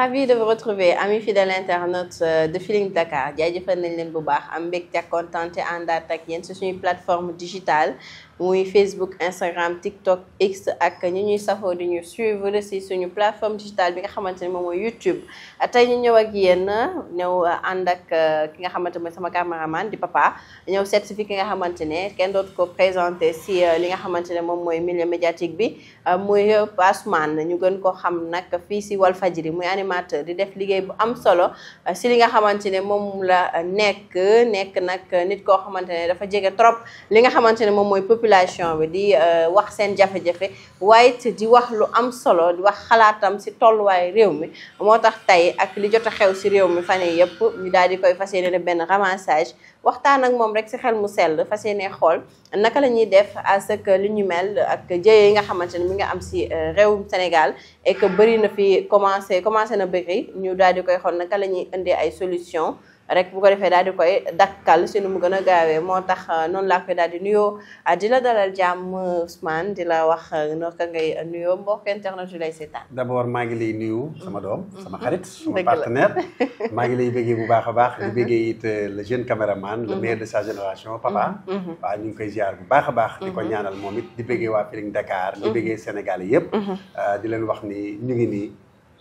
ravi de vous retrouver amis fidèles internautes euh, de Feeling Dakar jaajëfal nañ leen bu baax am mbég ak kontaan àndaat ak yéen ci suñu plateforme digitale muy Facebook Instagram TikTok X ak ñi ñuy safoo di ñu suivre si suñu plateforme digitale bi nga xamante ni moom mooy YouTube tey ñu ñëw ak yéen ñëw ànd ak euh, ki nga xamante mooy sama cameraman di papa ñëw certifié ki nga xamante ne kenn dootu ko présenté euh, li nga xamante ne moom mooy milieu médiatique bi euh, muy Ousmane ñu gën ko xam nag fii si Walfadjri muy animateur di def liggéey bu am solo si li nga xamante ne moom la nekk nekk nag nit ko xamante ne dafa jege trop li nga xamante moom mooy population population bi di euh, wax seen jafe-jafe waaye it di wax lu am solo di wax xalaatam si tolluwaay réew mi moo tax tey ak li jot a xew si réew mi fan yëpp ñu daal di koy fas yéene benn ramassage waxtaan ak moom rek si xel mu sell fas yéene xool naka la ñuy def à ce que li ñu mel ak jëye yi nga xamante ne mi nga am si euh, réewum Sénégal et que bëri na fi commencé commencé na bëri ñu daal di koy xool naka la ñuy indee ay solution rek bu ko defee daal di koy dakkal si nu mu gën a gaawee moo tax euh, noonu laa koy daal di nuyoo euh, di la dalal jàmm Ousmane di la wax euh, naka ngay nuyoo mbokk internet yu lay seetaan. d' abord maa ngi lay nuyu sama doom sama xarit sama partenaire maa ngi lay bëggee bu baax a baax di bëggee mm-hmm. it le jeune caméraman le mm-hmm. meilleur de sa génération papa mm-hmm. waaw ñu ngi koy ziar bu baax a baax di ko ñaanal moom it di bëggee waa Feeling Dakar di bëggee Sénégal yëpp di leen wax ni ñu ngi nii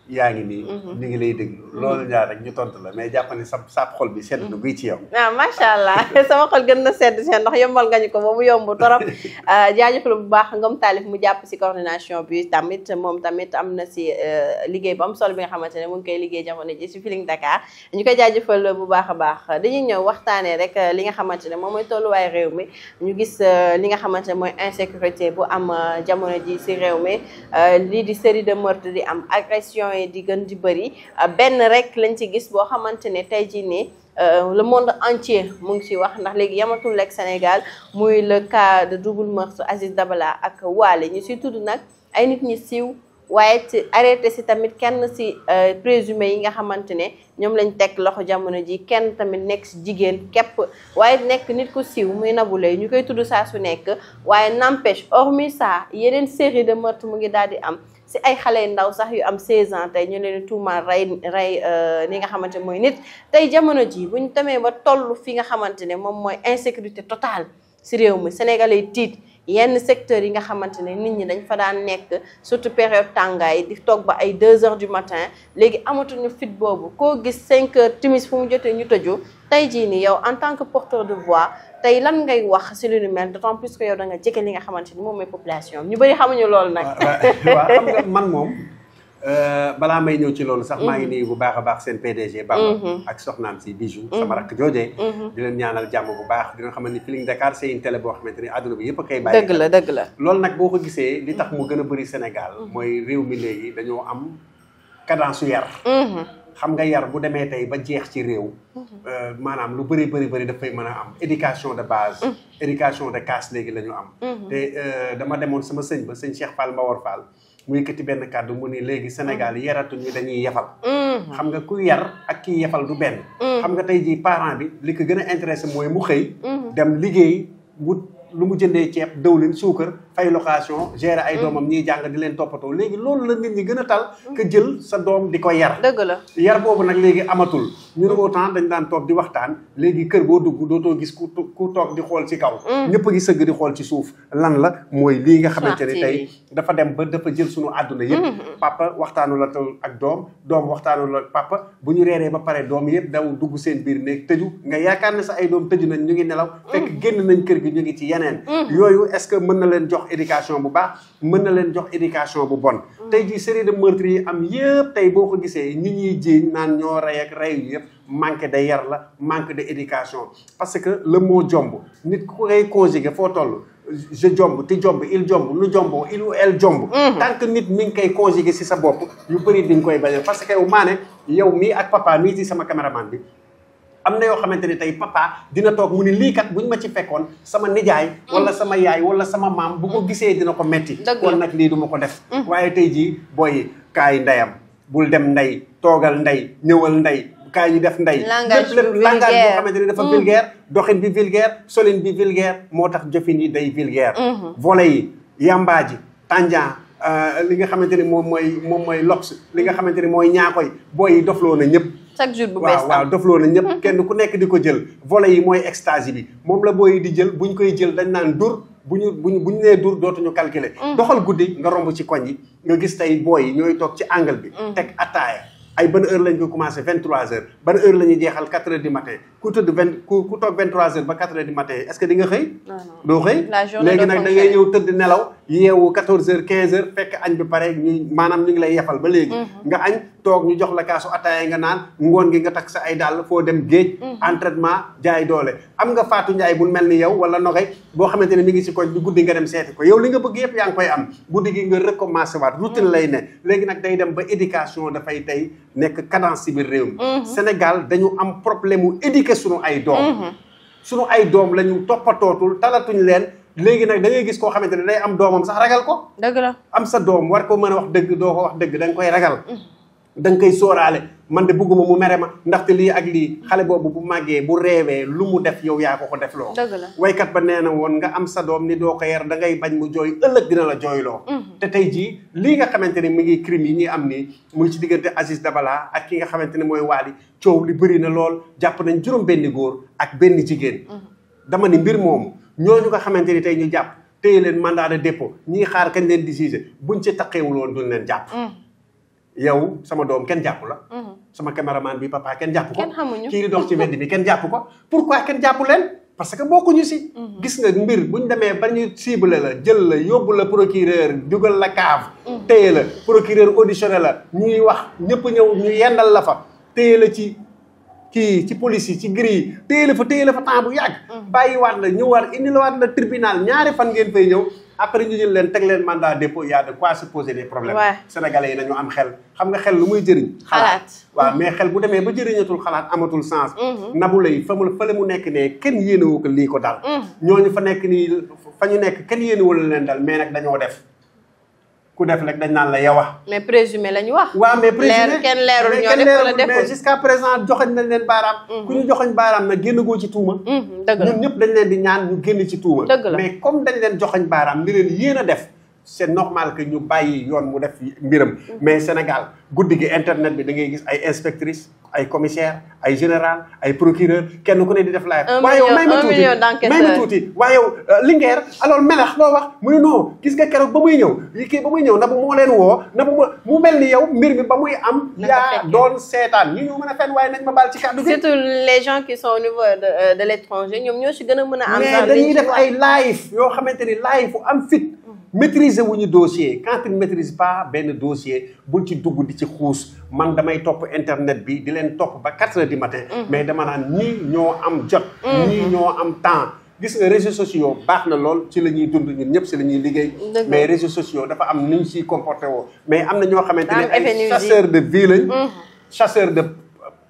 yaa ngi nii. Mhm. ñu ngi lay dégg mhm. loolu ñaar rek ñu tontu la mais jàpp ne sa sa xol bi sedd na mhm. guy ci yow. waaw ah, macha allah sama xol gën na sedd seen ndax yombal nga ñu ko ba mu yomb torop ah, jaajëfal bu baax Ngom Taalif mu jàpp si coordination bi tamit moom tamit am na si euh, liggéey bu solo bi nga xamante ne mu ngi koy liggéey jamono ji si Feeling Dakar ñu koy jaajëfal bu baax a baax dañuy ñëw waxtaanee rek euh, li nga xamante ne moom mooy tolluwaay réew mi ñu gis euh, li nga xamante ne mooy insécurité bu am jamono ji si réew mi lii di série de meurtre di am agression yi di gën di bëri euh, benn rek lañ ci gis boo xamante ne tey jii nii euh, la monde entier mu ngi ci wax ndax léegi yamatul lekk Sénégal muy le cas de double meurtre Aziz Dabala ak Waale ñu ci tudd nag ay nit ñi siiw. waaye ci arrêté si tamit kenn si euh, présumé yi nga xamante ne ñoom lañ teg loxo jamono ji kenn tamit nekk si jigéen képp waaye nekk nit ku siiw muy Nabou Leye ñu koy tudd saa su nekk waaye n'empêche hormis ça yeneen série de meurtre mu ngi daal di am si ay xale yu ndaw sax yu am 16 ans tey ñu leen tuumaal rey rey ni euh, nga xamante mooy nit tey jamono ji buñ ñu demee ba toll fi nga xamante ne moom mooy insécurité totale si réew mi sénégalais tiit yenn secteurs yi nga xamante ne nit ñi dañ fa daan nekk surtout période tàngaay di toog ba ay deux heures du matin léegi amatuñu fit boobu koo gis cinq heures timis fu mu jotee ñu tëju tey jii ni yow en tant que porteur de voix tey lan ngay wax si lu ni mel d'autant plus que yow da nga jege li nga xamante ni moom mooy population ñu bëri xamuñu loolu nag. Ah, ah, waaw xam nga man moom. Euh, balaa may ñëw ci loolu sax maa ngi mhm. nii bu baax a baax seen PDG Bamba mhm. ak soxnaam si bijou mhm. sama rakk joojee di leen ñaanal jàmm bu baax di nga ne ni Feeling Dakar c'est une télé boo xamante ni àdduna bi yëpp a koy bàyyi dëgg la dëgg la loolu nag boo ko gisee li tax mu gën a bëri senegal mooy réew mi léegi dañoo am cadence yar xam nga yar bu demee tey ba jeex ci réew. Mhm. Euh, maanaam lu bëri bëri bëri dafay mën a am éducation de base. Mhm. éducation de casse léegi la ñu am. Mhm. te euh, dama demoon sama sëñ ba sëñ Cheikh Fall Mbawar Fall mu yëkkati benn kàddu mu ni léegi Sénégal yaratuñu dañuy yefal. xam nga ku yar ak kii yefal du benn. xam nga tey ji parent bi li ko gën a intéressé mooy mu xëy. dem liggéey wut. lu mu jëndee ceeb dëwlin suukar fay location gérer ay mm. doomam ñiy jàng di leen toppatoo léegi loolu la nit ñi gën a tal que jël sa doom di ko yar dëgg la boobu nag léegi amatul ñun autant dañ daan toog di waxtaan léegi kër boo dugg dootoo gis ku ku toog di xool ci kaw mm. ñëpp a ngi sëgg di xool ci suuf lan la mooy lii nga xamante ne tey dafa dem ba dafa jël suñu àdduna yëpp mm-hmm. papa waxtaanu la ak doom doom waxtaanu la papa bu ñu reeree ba pare doom yëpp daw dugg seen biir néeg tëju nga yaakaar ne sa ay doom tëju nañ ñu ngi nelaw mm. fekk génn nañ kër gi ñu ngi ci yeneen mhm. yooyu est-ce que mën na leen jox éducation bu baax mën na leen jox éducation bu bon mhm. tey jii série de meurtres yi am yëpp tey boo ko gisee ñu ñuy jiiñ naan ñoo rey ak rey yëpp manque de yar la manque de éducation parce que le mot jomb nit ku ko koy conjugué foo toll je jomb te jomb il jomb lu jombo il ou elle jomb mhm. tant nit mi ngi koy conjugué si sa bopp yu bëri di koy bañ parce que yow maa ne yow mii ak papa mii ci sama caméraman bi am na yoo xamante ni tey papa dina toog mu ni lii kat buñ ma ci fekkoon sama nijaay wala sama yaay wala sama maam bu ko gisee dina ko metti kon nag lii duma ko def mm. waaye tey jii booy kaay ndeyam bul dem ndey toogal ndey ñëwal ndey kaay yi def ndey lépp la langage boo xamante ni dafa mm. vulgaire doxin bi vulgaire solin bi vulgaire moo tax jëfin yi day vulgaire mm-hmm. volet yi yambaa ji tànjaan euh, li nga xamante ni moom mooy moom mooy lox li nga xamante ni mooy ñaakoy booy yi na ñëpp chaque jour bu waaw dofloo na ñëpp kenn ku nekk di ko jël volet yi mooy extase bi moom la booy di jël buñ koy jël dañ naan dur bu ñu buñ bu ñu nee dur dootuñu calculer mm. doxal guddi nga romb ci koñ yi nga gis tey booy yi ñooy toog ci angle bi mm. teg attaaya ay ban heure lañ koy commencé vingt trois heures ban heure la ñuy jeexal quatre heures du matin ku tëdd vingt ku ku toog vingt trois heures ba quatre heures du matin est-ce nga xëy doo xëy léegi nag da ngay ñëw tëdd nelaw yeewu 14 heures quinze heures fekk añ bi pare ñu maanaam ñu ngi lay yefal ba léegi mm-hmm. nga añ toog ñu jox la kaasu ataaya nga naan ngoon gi nga takk sa ay dàll foo dem géej mm-hmm. entraînement jaay doole am nga faatu njaay bu mel ni yow wala noxey boo xamante ne mu ngi si koñ bi guddi nga dem seeti ko yow li nga bëgg yëpp yaa ngi koy am guddi gi nga recommencé waat routine mm-hmm. lay ne léegi nag day dem ba éducation dafay tey nekk cadence si biir réew Sénégal dañu am problème mu éduquer sunu ay doom sunu ay doom la ñu toppatootul talatuñ leen léegi nag dangay gis koo xamante ne day am doomam sax ragal ko. dëgg la am sa doom war ko mën a wax dëgg doo ko wax dëgg da koy ragal. da koy sóoraale man de bugguma mu mere ma ndaxte lii ak lii xale boobu bu màggee bu reewee lu mu def yow yaa ko ko def loo dëgg la waykat ba nee na woon nga am sa doom ni doo ko yar da ngay bañ mu jooy ëllëg dina la jooyloo mm-hmm. te tey jii lii nga xamante ne mi ngi crime yi ñuy am nii mu ci diggante Aziz Dabala ak ki xamante ne mooy Waly coow li bëri na lool jàpp nañ juróom benn góor ak benn jigéen mm-hmm. dama mbir moomu ñooñu nga xamante ni tey ñu jàpp téye leen mandat de dépôt ñii xaar kañ leen di bu buñ ci taqeewul woon duñ leen jàpp. Mm. yow sama doom kenn jàpp la. Mm-hmm. sama caméraman bi papa kenn jàpp ko. kenn xamuñu kii di dox ci mbedd mi kenn jàpp ko. pourquoi kenn jàpp leen parce que ñu si. Mm-hmm. gis nga mbir bu ñu demee ba ñu ciblé la jël la yóbbu la procureur dugal la cave. Mm-hmm. téye la procureur auditionné la ñuy wax ñëpp ñëw ñu yendal la fa téye la ci. kii ci police yi ci gris yi téye la fa téye la fa temps bu yàgg. Mm. bàyyiwaat la waat indiwaat la tribunal ñaari fan ngeen fay ñëw. après ñu jël leen tegleen leen mandat dépôt y a de quoi se poser des problèmes. sénégalais yi nañu am xel xam nga xel lu muy jëriñ. xalaat waaw mm-hmm. mais xel bu demee ba jëriñatul xalaat amatul sens. Mm-hmm. nabu lay fa mu fële mu nekk ne kenn yéenewu ko lii ko dal. Mm. ñu fa nekk nii fa ñu nekk kenn la leen dal mais nag dañoo def. ku def rek dañ naan la yow a. mais présumé lañu wax. waaw mais présumé kenn leerul ñoo def wala deful mais jusqu'à présent joxoñ nañ leen baaraam. Mhm. ku ñu joxoñ baaraam nag génn goo ci tuuma. Mhm, dëgg la ñëpp dañ leen di ñaan ñu génn ci tuuma. dëgg la mais comme dañ leen joxoñ baaraam ni leen a def. c'est normal que ñu bàyyi yoon mu def mbiram. Mhm. mais Sénégal guddi gi internet bi da ngay gis ay inspectrices. ay commissaire ay général ay procureur kenn ku ne di def laaj. waaye yow may ma tuuti may ma tuuti waaye yow euh, Linguère alors melax loo wax muy ne non gis nga keroog ba muy ñëw kii ba muy ñëw na moo leen woo na nabu mu mel ni yow mbir mi ba muy am. yaa doon seetaan ñu ñoo mën a fenn waaye nañ ma baal ci kàddu gi. surtout les gens qui sont au niveau de euh, de l' étranger ñoom ñoo si gën a mën a. am mais dañuy def ay live yoo xamante ni live bu am fit mm. maîtriser wuñu dossier quand il maîtrise benn dossier bu ci dugg di ci xuus. man damay topp internet bi di leen topp ba quatre heures du matin mm-hmm. mais dama naan ñii ñoo am jot mm-hmm. ñii ñoo am temps gis nga réseaux sociaux baax na lool ci la ñuy dund ñun ñëpp ci la ñuy liggéey mais réseaux sociaux dafa am ni si siy woo mais am na ñoo xamante ne ay chasseur de vie lañ mm-hmm. chasseur de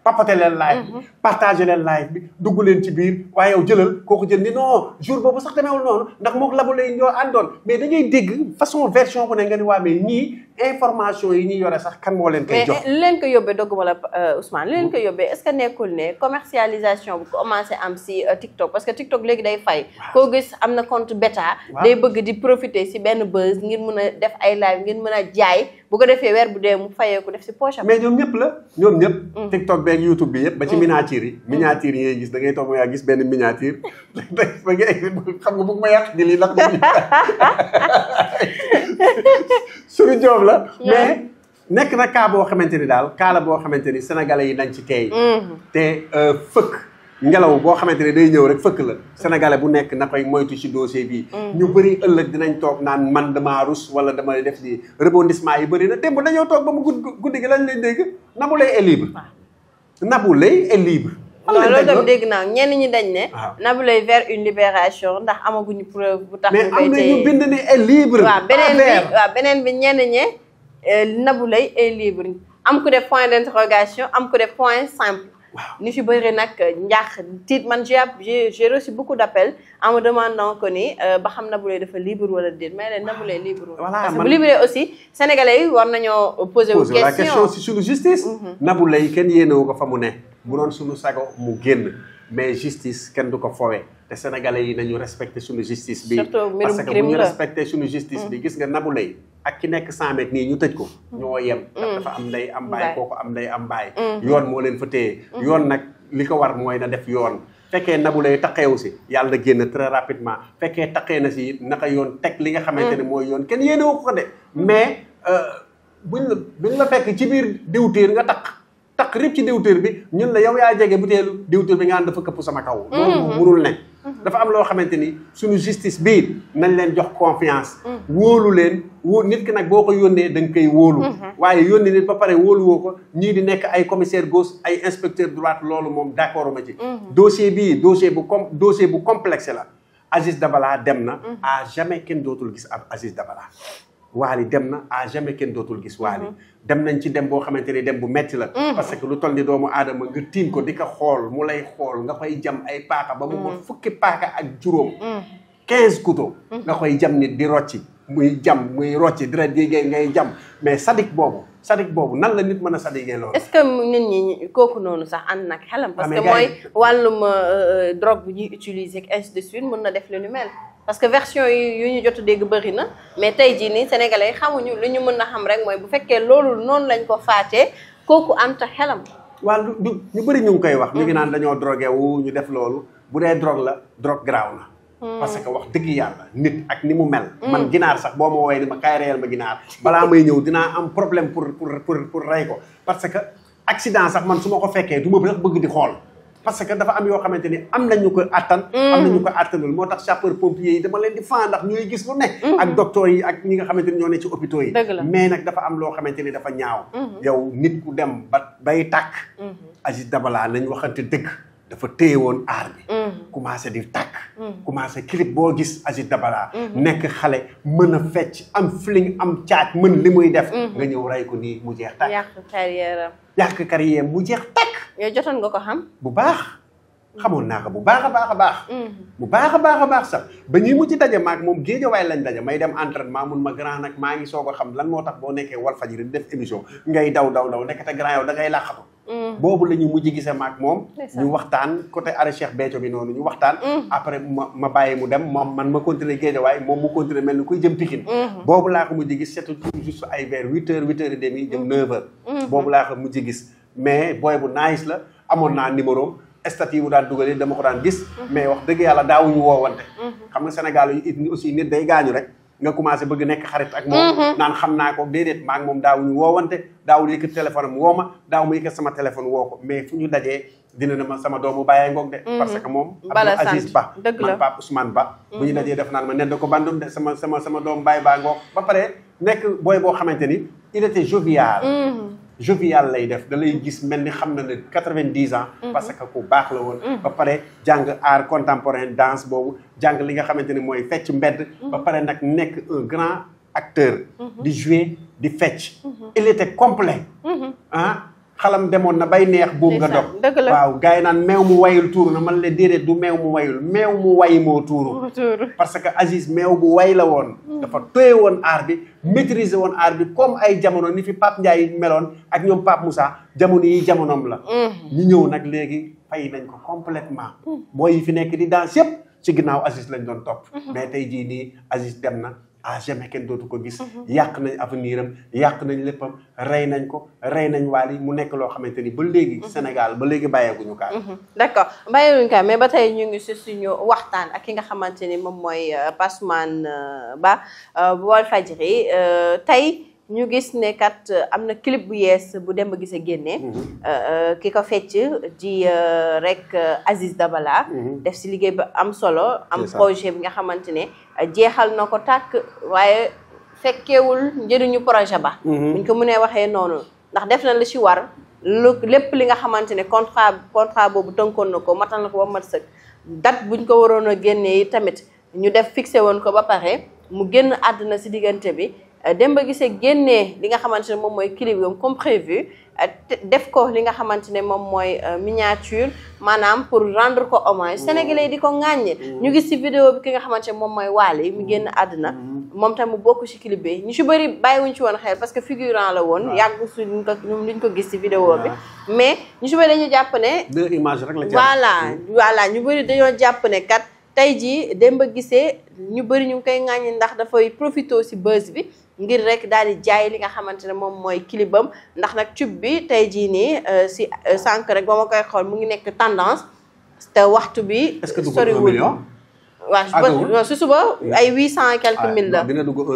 papote leen live bi mhm. partagé leen live bi dugg leen ci biir waaye yow jëlal kooku jël ni non jour boobu sax demeewul noonu ndax mook labu lay ñoo àndoon mais dañuy dégg façon version ko ne nga ni waa mais ñii information yi ñuy yore sax kan moo leen koy jox li leen ko yóbbee dogguma la euh, Ousmane li leen hmm? ko yóbbee est-ce que nekkul ne commercialisation bu commencé am si euh, TikTok parce que TikTok léegi day fay koo gis am na compte bêta day bëgg di profiter si benn buzz ngir mën a def ay live ngir mën a jaay bu ko defee weer bu dee mu fayee ko def si poche am mais ñoom ñëpp la ñoom ñëpp mm. TikTok beeg YouTube bi yëpp ba ci mm. miniature yi mm. miniature yi ngay gis da ngay toog a gis benn miniature da xam nga bëgg ma yàq ni lii lax suñu job la mais nekk na cas boo xamante ni daal cas boo xamante ni sénégalais yi nañ ci teey mm-hmm. te euh, fëkk ngelaw boo xamante ne day ñëw rek fëkk la sénégale bu nekk na koy moytu ci dossier bii mm. ñu bëri ëllëg dinañ toog naan man dama rus wala dama def lii rebondissement yi bëri na démb dañoo toog ba mu guddi gi lañ lay dégg Nabou Leye est libre Nabou Leye est dégg naa ñenn ñi dañ ne Nabou Leye vers une libération ndax amaguñu preuve bu tax mais am na ñu bind ne est libre waaw beneen bi waaw beneen bi ñenn ñe euh, Nabou Leye est libre am ku de point d'interrogation am ku de point simple ni si bëri nag njaax tiit man j' ai j' ai reçu beaucoup d' appels en ni euh, ba xam Nabou Leye dafa libre wala déet mais leen Nabou Leye libre parce que bu libre aussi sénégalais yi war nañoo poser wu question question si suñu justice. Mhm. Nabou Leye kenn yéenewu ko fa mu ne. bu doon suñu sago mu génn mais justice kenn du ko fowee. te sénégalais yi nañu respecté suñu justice bi parce que bu ñu respecté suñu justice bi mm. gis nga Nabou Leye ak ki nekk 100 mètres nii ñu tëj ko mm. ñoo yem mm. dafa am nday am baay kooku am nday am baay yoon moo leen fa téye yoon nag li ko war mooy na def yoon fekkee Nabou Leye taqeewu si yàlla na génn très rapidement fekkee taqee na si naka yoon teg li nga xamante ne mooy yoon kenn yéene wu ko de mais euh, buñ la buñ la fekk ci biir diwtiir nga taq taq rib ci diwtiir bi ñun la yow yaa jege butéelu diwtiir bi nga dafa këpp sama kaw loolu mënul ne Mm-hmm. dafa am loo xamante ni suñu justice bii nañ leen jox confiance. Mm. wóolu leen wóo nit ki nag boo ko yónnee da nga koy wóolu. Mm-hmm. waaye yónni nit ba pare wóoluwoo ko ñii di nekk ay commissaire gauche ay inspecteur droite loolu moom d' accord ma ci. Mm-hmm. dossier bii dossier bu com dossier bu complexe la Aziz Dabala dem na. a jamais kenn dootul gis ab Aziz Dabala. waali dem na à jamais kenn dootul gis waali mhm. dem nañ ci dem boo xamante ni dem bu metti la mhm. parce que lu toll ni doomu aadama nga tiim ko di ko xool mu lay xool nga koy jam ay paaka ba mu ma mhm. fukki paaka ak juróom quinze couteaux nga koy jam nit di rocci muy jam muy rocci dara di ngay jam mais sadik boobu sadik boobu nan la nit mën a sadigee loolu. est-ce que nit ñi kooku noonu sax ànd nag xelam. parce ah, que mooy wàllum euh, euh, drogue bu ñuy utiliser ak ainsi de suite mën na def lu ñu mel. parce que version yi yu ñu jot dégg bëri na mais tey jii nii sénégalais xamuñu lu ñu mën a xam rek mooy bu fekkee loolu noonu lañ ko faatee kooku ànd ak xelam. waaw du ñu bëri ñu ngi koy wax. ñu ngi mm-hmm. naan dañoo drogué wu ñu def loolu bu dee drogue la drogue graaw na. parce que wax dëgg yàlla nit ak ni mu mel. Mm. man ginaar sax boo ma woowee ni ma kaay reyal ma ginaar balaa may ñëw dinaa am problème pour pour pour pour rey ko parce que accident sax man su ma ko fekkee du ma sax bëgg di xool. parce que dafa am yoo xamante ni am nañu ko attan. Mm. am nañu ko attanul moo tax sapeur pompier yi dama leen di faa ndax ñooy gis lu ne. Mm. ak docteur yi ak ñi nga xamante ni ñoo ne ci hôpitaux yi. mais nag dafa am loo xamante ni dafa ñaaw. Mm-hmm. yow nit ku dem ba bay tàkk. Mm-hmm. Aziz Dabala nañ waxante dëgg. dafa téye woon aar bi. Mm. commencé di tàkk. Mm. commencé clip boo gis Aziz Dabala. Mm-hmm. nekk xale mën a fecc am feeling am caaj mën li muy def. Mm-hmm. nga ñëw rey ko nii mu jeex tàkk. yàq carrière am. yàq carrière mu jeex tàkk. yow nga ko xam. bu baax xamoon naa ko bu baax a baax a baax. Mm-hmm. bu baax a baax a baax sax ba ñuy mujj daje maag moom géejawaay lañ daje may dem entraînement mun ma grand nag maa ngi soog a xam lan moo tax boo nekkee Walfadjri di def émission ngay daw daw daw nekk te grand yow da ngay làqatu. Mm. boobu la ñu mujj gisee maak moom. ñu waxtaan côté arrêt Cheikh bi noonu ñu waxtaan. Mm. après ma ma bàyyi mu dem moom man ma continuer waaye moom mu continuer mel ni kuy jëm Pikine. Mm. boobu laa ko mujj gis c'est tout juste ay vers huit heures huit heures et demie jëm neuf mm-hmm. boobu laa ko mujj gis mais booy bu nice la amoon naa numéro statut yi mu daan dugalee dama ko daan gis. Mm-hmm. mais wax dëgg yàlla daawuñu woowante. Mm-hmm. xam nga Sénégal yi aussi nit day gaañu rek. nga commencé bëgg nekk xarit ak moom mhm. naan xam naa ko déedéet maa ngi moom daawuñu woowante daawul yëkkat téléphone am woo ma daaw mu sama téléphone woo ko mais fu ñu dajee dina ne ma sama doomu bàyyee ngoog mhm. parce que moom Abdou man Ba bu ñu mhm. dajee def naan ma nen da ko bandum de sama sama sama doomu bàyyi baa ngoog ba pare nekk booy boo xamante ni il était jovial jovial lay def da lay gis mel ni xam na ne quatre-vingt-dix ans. Mhm. parce que ku baax la woon. Mhm. ba pare jàng art contemporain danse boobu jàng li nga xamante ne mooy fecc mbedd. Mhm. ba pare nag nekk un grand acteur. di jouer di fecc. il était complet ah. xalam demoon na bay neex buum nga dog waaw gars yi naan meew mu wayul tuuru man la déedéet du meew mu wayul meew mu way moo tuuru parce que Aziz meew bu way la woon hmm. dafa toye woon aar bi maîtriser woon aar bi comme ay jamono ni fi Pape Ndiaye meloon ak ñoom Pape Moussa jamono yi jamonoom la hmm. ñu ñëw nag léegi fay nañ ko completement hmm. booy yi fi nekk di danse yëpp ci ginnaaw Aziz lañ doon topp mais tey jii nii Aziz dem na à ah, jamais kenn dootu ko gis. Mhm. yàq nañ avenir am yàq nañ léppam rey nañ ko rey nañ waal yi mu nekk loo xamante ni ba léegi. Mhm. Sénégal ba léegi bàyyeeguñu kaa. Mhm. d' accord bàyyeeguñu kaa mais ba tey ñu ngi si suñu waxtaan ak ki nga xamante ni moom mooy Passemane euh, euh, Ba euh, bu Walfadjri tey. ñu gis ne kat am na clip bu yees bu dem ba gis a génne ki ko fecc di rek Aziz Dabala def si liggéey bi am solo am projet bi nga xamante ne jeexal na ko tàkk waaye fekkeewul njëriñu projet ba mhm. buñ ko mënee waxee noonu ndax def na li ci war lu lépp li nga xamante ne contrat contrat boobu tënkoon na ko matal na ko ba mat sëkk date buñ ko waroon a génnee yi tamit ñu def fixé woon ko ba pare mu génn àdduna si diggante bi Euh, Demba Guissé génnee li nga xamante ne moom mooy clip yom comme prévu euh, def ko li nga xamante ne moom mooy euh, miniature maanaam pour rendre ko hommage sénégalais di ko ŋàññe mm-hmm. ñu gis ci video bi ki nga xamante ne moom mooy waal yi mu génn mm-hmm. àdduna mm-hmm. moom tam mu bokk ci clip bi ñu si bëri bàyyiwuñ ci woon xel parce que figurant la woon yàgg suñ ko luñ ko gis ci vidéo bi mais ñu si bëri dañu jàpp ne deux images la voilà ñu bëri dañoo jàpp ne kat tey jii Demba Guissé ñu bëri ñu ngi koy ndax dafay profité ci buzz bi ngir rek daal di jaay li nga xamante ne moom mooy kilibam ndax nag tube bi tey jii nii euh, si euh, sànq rek ba ma koy xool mu ngi nekk tendance te waxtu bi. soriwul waaw si suba ay huit cent et quelques ah, mille la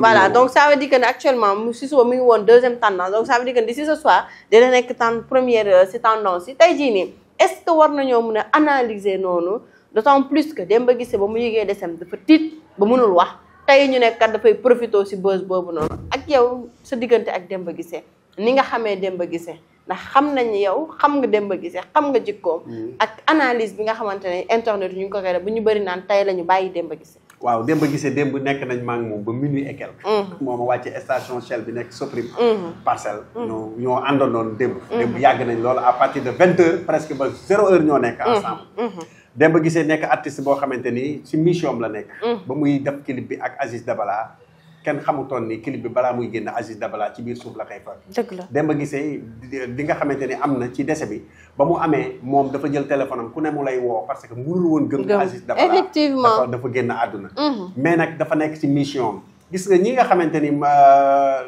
voilà donc ça veut dire que ne actuellement si suba mu ngi woon deuxième tendance donc ça veut dire que d'ici ce soir dina nekk ten première euh, si tendance yi jii nii est-ce que war nañoo mën a analyser noonu d'autant plus que Demba Guissé ba mu yëgee desem dafa tiit ba mënul wax tey ñu nekkat dafay profité si bës boobu noonu ak yow sa diggante ak Demba Guissé ni nga xamee Demba Guissé ndax xam nañu yow xam nga Demba Guissé xam nga jikkoom mm. ak analyse bi nga xamante ne internet ñu ngi ko koy bu ñu bëri naan tey la ñu bàyyi Demba Guissé waaw Demba Guissé démb nekk nañ maa ngi moom ba minuit et quelque mm. moom a wàcce station Shell bi nekk Soprim mm. parcelle ñoo ñoo àndandoon démb démb yàgg nañ loolu à partir de vingt heures presque ba zéro heure ñoo nekk dem Demba Guissé nekk artiste boo xamante ni ci mission la nekk. Mm. ba muy def clip bi ak Aziz Dabala kenn xamutoon nii clip bi balaa muy génn Aziz Dabala ci biir suuf la koy far. dëgg la Demba Guissé di nga xamante ni am na ci dese bi ba mu amee moom dafa jël téléphone am ku ne mu lay woo parce que mënul woon gëm. Aziz Dabala effectivement dafa génn àdduna. Mm-hmm. mais nag dafa nekk ci mission gis nga ñi nga xamante ni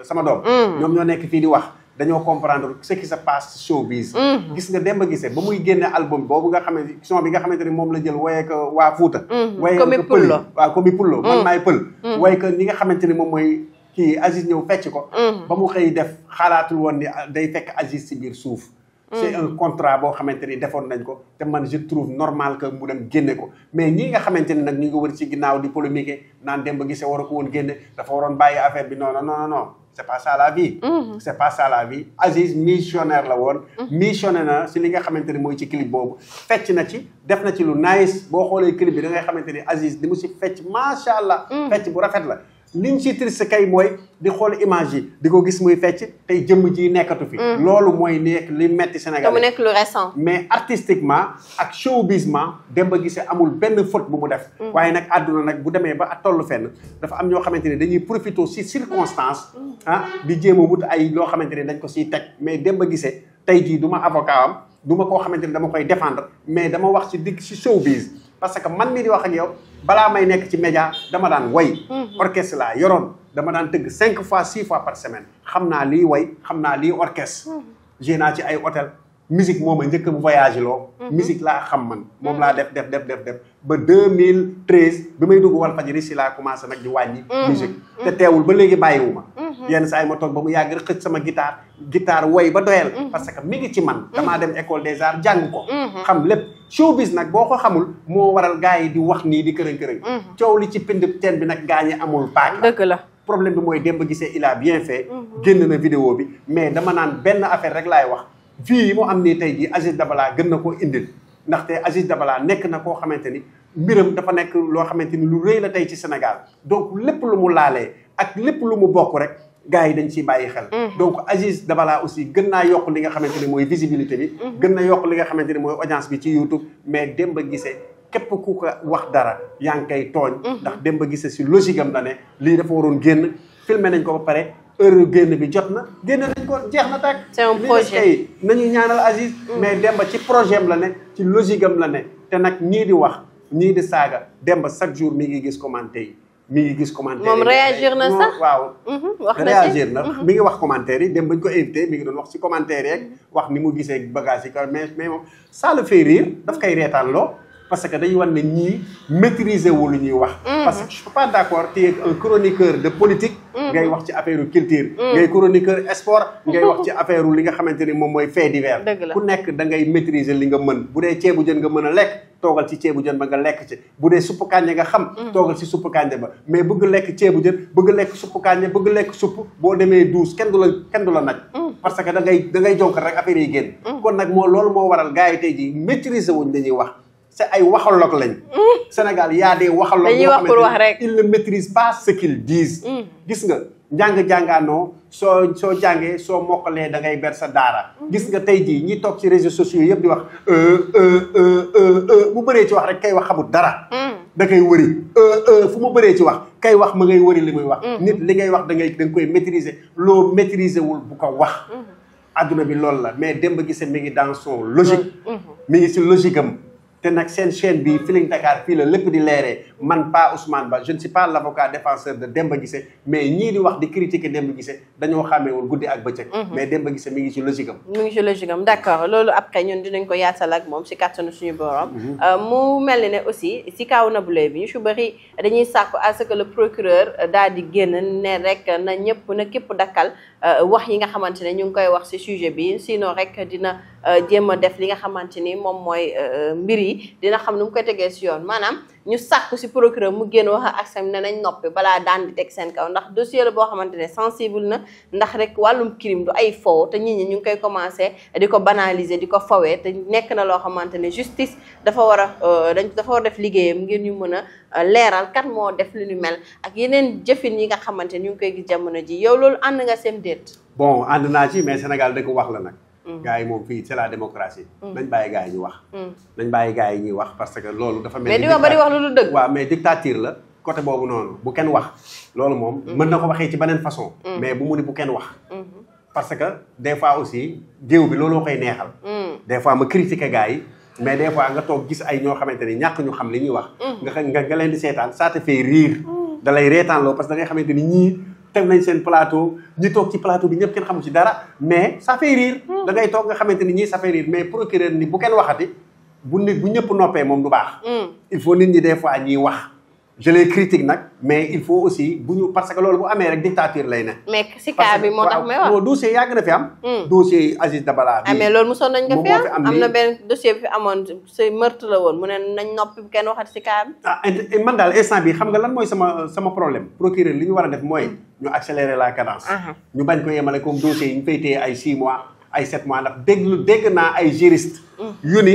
sama doom. Mm. ñoom ñoo nekk fii di wax. dañoo comprendre ce qui se passe showbiz mm. gis nga Demba Guissé ba muy génne album boobu nga xamante son bi nga xamante ni moom la jël woyee ko waa Fuuta mm. woyee ko pël waaw comme pullo man mm. maay pël woye ko ni nga xamante ni moom mooy kii Aziz ñëw fecc ko ba mu xëy def xalaatul woon ni day fekk Aziz si biir suuf c'est un contrat boo xamante ni defoon nañ ko te man je trouve normal que mu dem génne ko mais ñi nga xamante ni nag ñu ngi wër ci ginnaaw di polémiquer naan Demba Guissé war a ko woon génne waroon bàyyi affaire bi non non c'est pas ça la vie. Mm-hmm. c'est pas ça la vie Aziz missionnaire la woon. Mm-hmm. missionnaire na si li nga xamante ni mooy ci clip boobu. fecc na ci def na ci lu nice boo xoolee clip bi da ngay xamante ni Aziz li mu si fecc macha allah. Mm-hmm. fecc bu rafet la. li ci triste kay mooy di xool image yi di ko gis muy fecc tey jëmm ji nekkatu fi. Mm-hmm. loolu mooy nekk li metti Sénégal. mu nekk lu récent. mais artistiquement ak dem Demba gise amul benn faute bu mu def. Mm-hmm. waaye nag àdduna nag bu demee ba toll fenn dafa am ñoo xamante ne dañuy profité ci circonstance mm-hmm. ah di jéem a wut ay loo xamante ne dañ ko ciy teg mais dem Demba Guissé tey jii du ma avocat am du ma koo xamante ne dama koy défendre mais dama wax ci digg ci showbiz parce que man mii di wax ak yow. balaa may nekk ci média dama daan way mhm. orchestre laa yoroon dama daan tëgg cinq fois six fois par semaine xam naa liy way xam naa liy orchestre. gé mhm. naa ci ay hôtel musique moo ma njëkk a voyagé loo. Mhm. musique laa xam man. moom mhm. laa def def def def def ba 2013 bi may dugg Walfadjri si laa commencé nag di wàññi. Mhm. musique te teewul ba léegi bàyyiwu ma. yenn saa yi ma toog ba mu yàgg rek sama guitare guitare woy ba doyal. parce que mi ngi ci man. damaa dem école des arts jàng ko. xam lépp showbiz nag boo ko xamul moo waral gars yi di wax nii di kërën kërën. coow li ci pind teen bi nag ñi amul paak. dëgg la. problème bi mooy Demba Guissé il bien fait. génn na vidéo bi mais dama naan benn affaire rek laay wax. vie yi mu am nii tey jii Aziz Dabala gën na koo indil ndaxte Aziz Dabala nekk na koo xamante ni mbiram dafa nekk loo xamante ni lu rëy la tey ci Sénégal donc lépp lu mu laalee ak lépp lu mu bokk rek gars yi dañ ciy bàyyi xel mm. donc Aziz Dabala aussi gën naa yokk li nga xamante ni mooy visibilité bi mm-hmm. gën na yokk li nga xamante ni mooy audience bi ci YouTube mais Demba Guissé képp ku ko wax dara yaa ngi koy tooñ mm-hmm. ndax Demba Guissé si logique am la ne lii dafa waroon génn filmé nañ ko ba pare heure génn bi jot na génn nañ ko jeex na tàkk. c'est un projet nañu ñaanal Aziz. Mm. mais Demba ci projet am la ne ci logique am la ne te nag ñii di wax ñii di saaga Demba chaque jour mi ngi gis commentaire yi mi ngi gis commentaire yi. moom réagir na sax waaw. Mm-hmm, wax na réagir na mm-hmm. mi ngi wax commentaire yi dem bañ ko invité mi ngi doon wax ci commentaire yeeg mm-hmm. wax ni mu gisee bagage yi mais mais moom ça le fait rire reetaan loo. parce que dañuy wan ne ñii maîtriser wu lu ñuy wax. Mm-hmm. parce que je suis pas d' accord téye chroniqueur de politique. Mm-hmm. ngay wax ci affaire culture. Mm-hmm. ngay chroniqueur sport. ngay wax ci affaire li nga xamante ni moom mooy fait divers. ku nekk da ngay maîtriser li nga mën bu dee ceebu jën nga mën a lekk. toogal ci ceebu jën ba nga lekk ci bu dee supp kànja nga xam toogal ci supp kànja ba mais bëgg lekk ceebu jën bëgg lekk suppu kànja bëgg lekk supp boo demee douze kenn du la kenn du la mm. que da ngay da ngay jonk rek affaire yi génn mm. kon nag moo loolu moo waral gars yi tey ji maîtriser wuñ dañuy wax c'est ay waxaloog lañ. Sénégal y a des waxaloog. dañuy wax pour wax rek ils ne maîtrisent pas ce mm. gis nga njàng jàngaanoo soo soo jàngee soo mokkalee da ngay ber sa daara. gis nga tey jii ñi toog ci réseaux sociaux yëpp di wax. Euh, euh, euh, bu bëree ci wax rek kay wax dara. Mm. da koy wëri fu mu bëree ci wax kay wax ma ngay wëri li muy wax. Mm. nit li ngay wax dangay ngay koy maîtriser loo maîtriser wul bu ko wax. adduna bi loolu la mais dem Demba Guissé mi ngi dans son logique. mi ngi ci logique am. te nag seen chaîne bi Feeling Dakar fii la lépp di leeree man pas Ousmane Ba je ne suis pas l' avocat défenseur de Demba Guissé mais ñii di wax di critiquer Demba Guissé dañoo xàmmeewul guddi ak bëccëg. Mhm. mais Demba Guissé mi ngi ci logique am. ngi ci logique am d' loolu après ñun dinañ ko yaatal ak moom si kàttanu suñu borom. Mhm. Euh, mu mel ni ne aussi si kaw Nabou bi ñu si dañuy sàkku à ce que le procureur daal génn ne rek na ñëpp na képp dakkal euh, wax yi nga Euh, jéem a def li nga xamante ni moom mooy euh, mbir yi dina xam nu mu koy tegee si yoon maanaam ñu sàkku si procureur mu génn wax ak askan ne nañ noppi balaa daan di teg seen kaw ndax dossier la boo xamante ne sensible na ndax rek wàllum crime du ay foo te nit ñu ngi koy commencé di ko banaliser di ko fawee te nekk na loo xamante ne justice dafa war a euh, dañ dafa war def liggéeyam ngir ñu mën a leeral kat moo def li mel ak yeneen jëfin yi nga xamante ni ñu ngi koy gis jamono ji yow loolu ànd nga seen déet. ànd naa ci Sénégal dëkk wax la nag. Mm. gars yi moom fii c'est la démocratie. Mm. Mm. nañ bàyyi gars yi ñuy wax parce que loolu dafa mel ni. mais di wax lu dëgg. waaw mais dictature la côté boobu noonu bu kenn wax. loolu moom mën na ko waxee ci beneen façon. mais bu mu ni bu kenn wax. Mm-hmm. parce que des fois aussi géew bi looloo koy neexal. des fois ma critiquer gars yi. mais des fois nga toog gis ay ñoo xamante ni ñàkk ñu xam li ñuy wax. nga nga nga leen di seetaan ça fait rire. da lay reetaanloo parce que da ngay ni ñii. teg nañ seen plateau ñi toog ci plateau bi ñëpp kenn xamu ci dara mais ça fait hmm. toog nga xamante ni ñii ça fait rire mais procureur ni bu kenn waxati bu nit bu ñëpp noppee moom du baax hmm. il faut nit ñi des fois ñiy wax je les critique nag mais il faut aussi bu ñu parce que loolu bu amee rek dictature lay ne. mais si cas bi moo tax may wax. non dossier yàgg na fi am. Hmm. dossier Aziz Dabala. bi ah, mais loolu mosoon nañ ko fi am na benn dossier bi fi amoon si meurtre la woon mu ne nañ noppi kenn waxat si cas bi. ah man daal instant bi xam nga lan mooy sama sama problème procureur li ñu war a def mooy ñu accélérer la cadence. ñu bañ ko yemale comme dossier yi ñu fay téye ay 6 mois ay 7 mois ndax déglu dégg naa ay juriste. Hmm.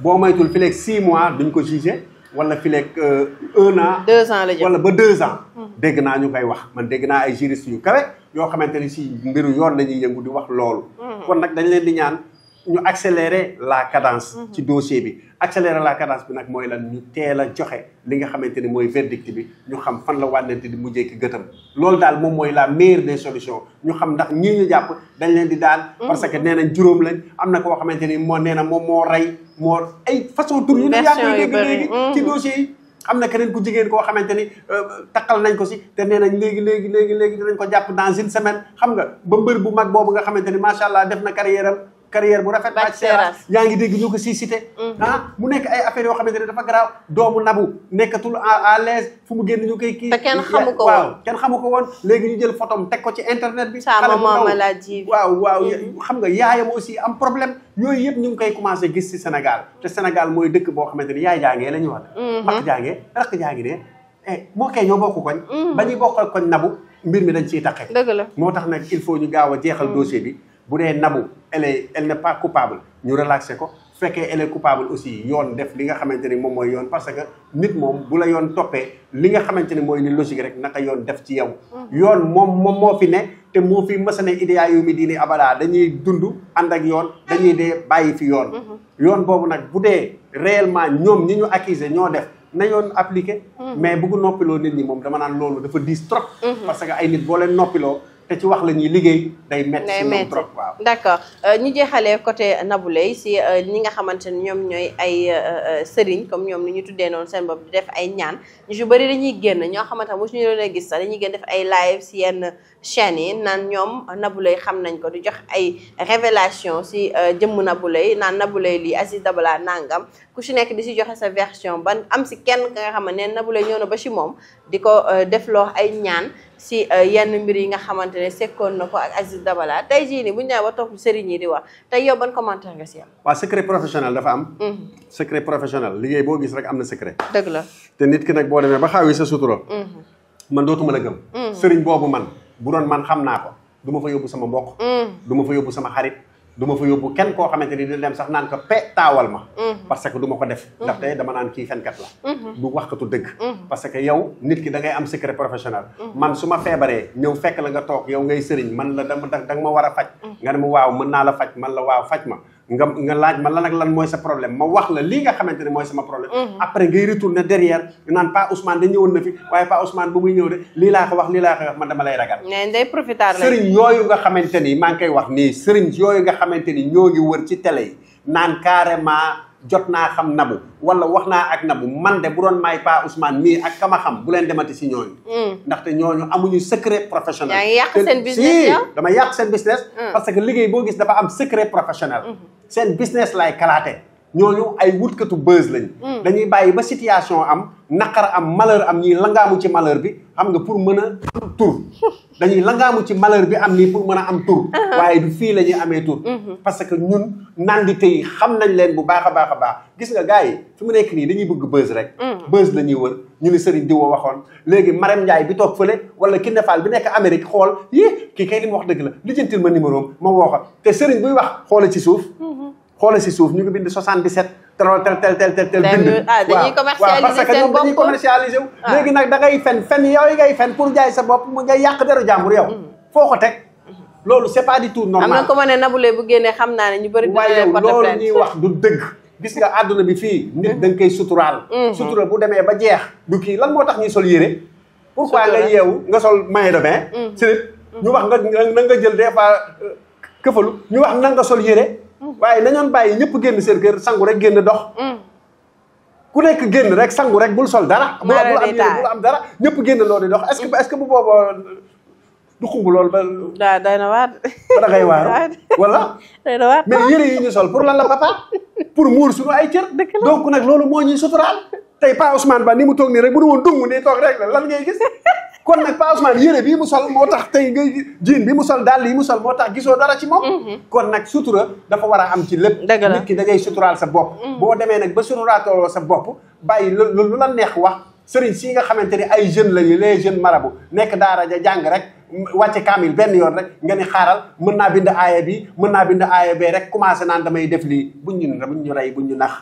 boo moytul fii mois duñ ko jugé. wala fileeg euh, un an. deux ans la jëm wala ba deux ans. Hmm. dégg naa ñu koy wax man dégg naa ay juristes yu kawe yoo xamante ni si mbiru yoon la ñuy yëngu di wax loolu. Hmm. kon nag dañ leen di ñaan. ñu accélérer la cadence. Mhm. ci dossier bi accélérer la cadence bi nag mooy lan ñu teel a joxe li nga xamante ni mooy verdict bi ñu xam fan la wànnante di mujjee ki gëtam. loolu daal moom mooy la meilleure des solution ñu xam ndax ñii ñu jàpp dañ leen di daan. Mhm. parce que nee nañ juróom lañ am na koo xamante ni moo nee na moom moo rey moo ay façon tur yu ne yaa koy ci mhm. dossier am na keneen ku jigéen koo xamante ni euh, takkal nañ ko si te nee nañ léegi léegi léegi léegi dinañ ko jàpp dans une semaine xam nga ba mbër bu mag boobu nga xamante ni macha allah def na carrière am carrière bu rafet Bac Seras yaa ngi dégg ñu ko si cité mm. ah, mu nekk ay affaire yoo xamante ne dafa garaaw doomu nabu nekkatul à l'aise fu mu génn ñu koy kii te kenn xamu ko waaw kenn xamu ko woon léegi jël photom teg ko ci internet bi xale bu ndaw waaw waaw mm. xam nga yaayam aussi am problème yooyu yëpp ñu ngi koy commencé gis si senegal te Sénégal mooy dëkk boo xamante ne yaay jaangee la ñuy wax rak mm-hmm. jaangee rak jaangi ne eh, moo kay ñoo bokk koñ mm. ba ñuy bokk koñ nabu mbir mi dañ ciy taqe dëgg la moo tax nag il faut ñu gaaw a jeexal dossier bi bu dee nabu elle est elle n'est pas coupable ñu relaxé ko fekkee elle coupable aussi yoon def li nga xamante ni moom mooy yoon parce que nit moom bu la yoon toppee li nga xamante ni mooy ni logique rek naka yoon def ci yow. Mm-hmm. yoon moom moom moo fi ne te moo fi mës a ne idéal yu mi diini abada dañuy dundu ànd ak yoon dañuy dee bàyyi fi yoon. Mm-hmm. yoon boobu nag bu dee réellement ñoom ñi ñu accuser ñoo def. na yoon appliqué mm-hmm. mais bëgg noppiloo nit ñi moom dama naan loolu dafa diis trop parce que ay nit boo leen noppiloo te ci wax la ñuy liggéey day métti si ñoom trop waaw d' accord euh, ñu jeexalee côté Nabou Leye si euh, ñi nga xamante ni ñoom ñooy ay euh, sëriñ comme ñoom ni ñu tuddee noonu seen bopp di def ay ñaan ñu si bëri dañuy génn ñoo xamante ne mosuñu leen a gis sax dañuy def ay live si yenn chaînes yi naan ñoom Nabou Leye xam nañ ko di jox ay révélation si jëmm Nabou Leye naan Nabou Leye lii Aziz Dabala nangam ku si nekk di si joxe sa version ban am si kenn ka nga xam ne Nabou Leye ñëw ba si moom di ko def loo ay ñaan si euh, yenn mbir yi nga xamante ne sekkoon na ko ak Aziz Dabala tey jii nii bu ñu ba topp sëriñ yi di waa te yow ban commentaire nga si am. waaw secret professionnel dafa am. Mm-hmm. secret professionnel liggéey boo gis rek am na secret. dëgg la te nit ki nag boo demee ba xawi sa sutura. Mm-hmm. man dootuma la gëm. Mm-hmm. sëriñ boobu man bu man xam naa ko du ma fa yóbbu sama mbokk. du ma fa yóbbu sama xarit. du ma fa yóbbu kenn koo xamante ni di dem sax naan ko pe taawal ma mhm. parce que du ma ko def mhm. ndaxte dama naan kii fenkat la mhm. du katu dëgg parce que yow nit ki da ngay am secret professionnel man su ma feebaree ñëw fekk la nga toog yow ngay sëriñ man la dama da nga ma war a faj nga ne ma waaw mën naa la faj man la waaw faj ma nga laaj ma lan ak lan mooy sa problème ma wax la lii nga xamante ne mooy sama problème. Mhm. après ngay retourner derrière naan Pa Ousmane da ñëwoon na fi waaye Pa Ousmane bu muy ñëw de lii laa ko wax lii laa ko wax man dama lay ragal. mais day profiter la sëriñ yooyu nga xamante ni maa ngi koy wax nii sëriñ yooyu nga xamante ni ñoo ngi wër ci télé yi naan carrément. jot naa xam nabu wala wax naa ak nabu man de bu doon may pa Ousmane mii ak kama xam bu leen demati si ñooñu. Mm. ndaxte ñooñu amuñu secret professionnel. yaa ngi yàq seen business dama yàq seen mm. parce que liggéey boo gis dafa am secret professionnel. Mm-hmm. seen business laay kalaate. ñooñu ay wutkatu buzz lañ mm. dañuy bàyyi ba situation am naqar am malheur am ñuy langaamu ci malheur bi xam nga pour mën a am tur dañuy langaamu ci malheur bi am nii pour mën a am tur uh-huh. waaye du fii la ñuy amee tur mm-hmm. parce que ñun nan nandite yi xam nañ leen bu baax a baax a baax gis nga gars yi fi mu nekk nii dañuy bëgg buzz rek mm. buzz la ñuy wër ñu ni di Diwa waxoon léegi Marème Ndiaye bi toog fële wala Kiné Fall bi nekk Amérique xool yi kii kay li mu wax dëgg la lijjantil ma numéro am woo ko te Serigne wax xoola ci suuf mm-hmm. xoolal si suuf ñu ngi bind 77. tel tel tel tel tel bind. ah dañuy commercialiser seen bopp waaw parce que ñoom dañuy commercialiser wu. Ah. léegi nag da ngay fen fen yooyu ngay fen pour jaay sa bopp mu ngay yàq deru jàmbur yow. Mm. foo ko teg loolu c'est pas du tout normal. am na ko ma ne Naboulaye bu génnee xam naa ne ñu bëri. dinañ leen loolu ñuy wax du dëgg. gis nga àdduna bi fii. nit mm. da nga koy suturaal. Mm-hmm. sutura bu demee ba jeex. du kii lan moo tax ñuy sol yére. pourquoi nga yeewu nga sol maillot de bain. Mm. si nit ñu mm-hmm. wax nga nga jël des fois euh, këfalu ñu wax na nga sol yére waaye nañoon bàyyi ñëpp génn seen kër sangu rek génn dox. Mm. ku nekk génn rek sangu rek bul sol dara. bul am yére bul am dara ñëpp génn loo di dox est que bu booboo du xumb lool ba. waaw day na waar. ba da ngay waar wala. day na waar mais yére yi ñu sol pour lan la papa pour su suñu ay cër. donc nag loolu moo ñu suturaal. tey Pa Ousmane Ba ni mu toog nii rek bu nu woon dungu nii toog rek la lan ngay gis. kon nag Pa Ousmane yére bii mu sol moo tax tey ngay jiin bi mu sol daal yi mu sol moo tax gisoo dara ci moom mhm. kon nag sutura dafa war a am ci lépp nit ki da ngay sa bopp mhm. boo demee nag ba suturaatoo sa bopp bàyyi lu la neex wax sëriñ si nga xamante ni ay jeunes lañu les jeunes marabu nekk daara ja jàng rek wàcce kaamil benn yoon rek nga ni xaaral mën naa bind aaya bi mën naa bind aaya bee rek commencé naan damay def lii buñ ñu buñ ñu rey buñ ñu nax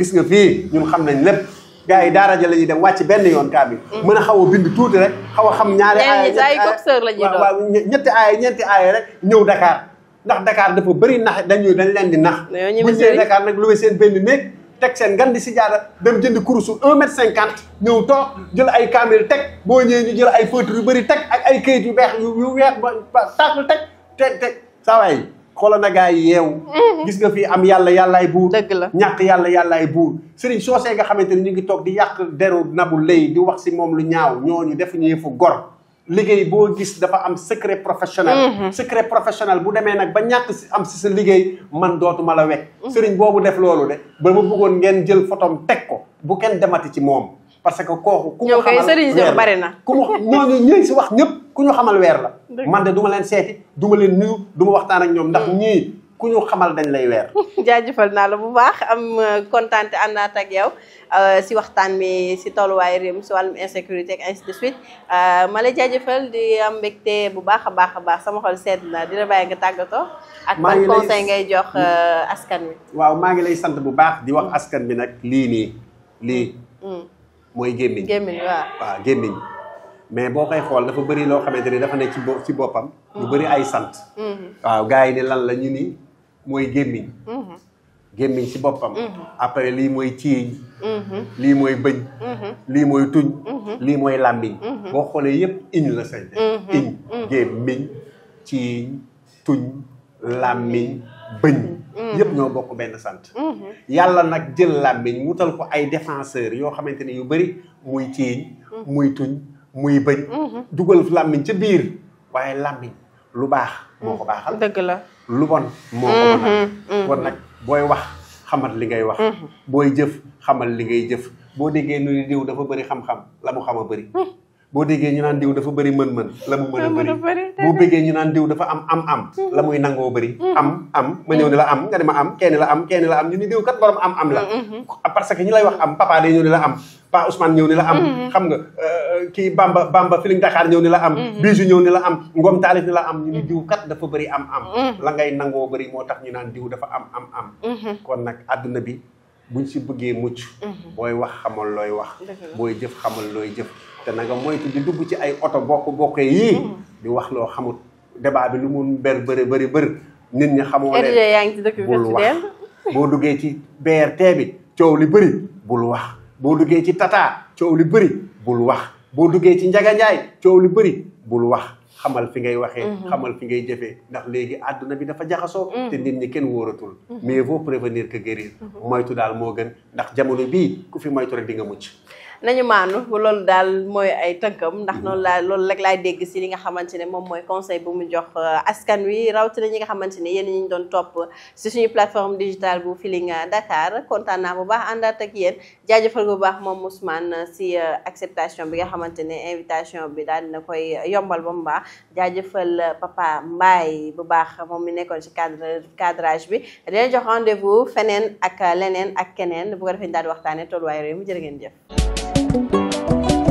gis nga fii ñun xam nañ lépp gars yi daara ja la ñuy dem wàcc benn yoon kaamil mm. mën a xaw a bind tuuti rek xaw a xam ñaari aaya ñetti aaya ñeenti aaya rek ñëw Dakar ndax Dakar dafa bëri nax dañuy dañ leen di nax buñ nee Dakar nag luwe seen benn néeg teg seen ngan di si jaara dem jënd kursu un mètre cinquante ñëw toog jël ay kaamil teg boo ñëwee ñu jël ay feutre yu bëri teg ak ay këyit yu beex yu weex ba table teg teg te saa waay xoolal na gaa yi mhm. gis nga fii am yàlla yàllaay buur dëgg la ñàkk yàlla yàllaay buur sëriñ see nga xamante ni ñu ngi toog di yàq deru nabu lay di wax si moom lu ñaaw ñooñu def ñuy fu gor liggéey boo gis dafa am secret professionnel mhm. secret professionnel bu demee nag ba ñàkk si am si sa liggéey man dootuma la wekk mhm. sëriñ boobu def loolu de ba ma bëggoon ngeen jël photom teg ko bu kenn demati ci moom parce que kooku. ku mu xamal weer bari na. ku wax ñëpp ku ñu xamal weer la. man de du leen seeti du ma leen nuyu du waxtaan ak ñoom ndax mm. ñii ku ñu xamal dañ lay weer. jaajëfal naa la bu baax am euh, kontaan te àndaat ak yow euh, si waxtaan mi si tolluwaay réew mi si wàllum insécurité ak ainsi de suite euh, ma lay jaajëfal di am mbégte bu baax a baax a baax sama xol sedd na dina bàyyi nga tàggatoo. ak ban conseil ngay jox mm. askan wi. waaw maa ngi lay sant bu baax di wax mm. askan bi nag lii nii lii. mooy gémmiñ gémmiñ waaw gémmiñ mais boo koy xool dafa bëri loo xamante ni dafa ne ci ci boppam lu mm-hmm. bëri ay sant mm-hmm. waaw gars yi ne lan lañu ñu ni mooy gémmiñ mm-hmm. gémmiñ ci boppam après lii mooy ciiñ lii mooy bëñ lii mooy tuñ lii mooy làmmiñ boo xoolee yëpp iñ la sañ iñ gémmiñ ciiñ tuñ làmmiñ bëñ ñëpp mm-hmm. ñoo bokk benn sant. Mm-hmm. yàlla nag jël làmmiñ wutal ko ay défenseur yoo xamante ni yu bëri muy ciiñ mm-hmm. muy tuñ muy bëñ. dugal làmmiñ ca biir waaye làmmiñ lu baax moo ko baaxal. la lu bon moo ko bonal. kon nag booy wax xamal li ngay wax. booy jëf xamal li ngay jëf boo déggee nu diw dafa bëri xam-xam la mu xam a bëri. boo déggee ñu naan diw dafa bëri mën-mën la mu mën a bëri boo bëggee ñu naan diw dafa am am am hmm. la muy nangoo bëri hmm. am am ma ñëw ne la am nga ne ma am la am kenn la am ñu ni kat borom am am la hmm, parce que ñi lay wax am papa day ñëw ne la am pa Ousmane ñëw ni la am xam nga euh, kii Bamba Bamba Feeling Dakar ñëw ni la am Bijou ñëw ni la am ngoom Taalif ni la am ñu ni diw kat dafa bëri am am la ngay nangoo bëri moo tax ñu naan diw dafa am am am kon nag àdduna bi buñ si bëggee mucc booy wax xamal looy wax booy jëf xamal looy jëf te na nga moytu di dugg ci ay oto bokk bokk yii mm-hmm. di wax loo xamut débat bi lu mun ber bëri bëri bëri nit ñi xamoo leen bul wax boo duggee ci BRT bi coow li bëri bul wax boo duggee ci Tata coow li bëri bul wax boo duggee ci Njaga Njaay coow bëri bul wax xamal fi ngay waxee mm-hmm. xamal fi ngay jëfee ndax léegi àdduna bi dafa jaxasoo mm. te nit ñi kenn wóoratul mieux mm-hmm. vaut prévenir que guérir moytu daal moo gën ndax jamono bii ku fi moytu rek di nga mucc nañu maanu loolu daal mooy ay tënkam ndax noonu laa loolu rek laay dégg si li nga xamante ne moom mooy conseil bu mu jox euh, askan wi rawatina ñi nga xamante ne yéen ñu doon topp si suñu plateforme digitale bu Feeling Dakar kontaan naa bu baax àndaat ak yéen jaajëfal bu baax moom Ousmane si euh, acceptation bi nga xamante ne invitation bi daal dina koy yombal ba mu baax jaajëfal euh, papa Mbaye bu baax moom mu nekkoon si cadre cadrage bi dina jox rendez-vous feneen ak leneen ak keneen bu ko defee ñu daal di waxtaanee tolluwaay réew mi jërë jëf.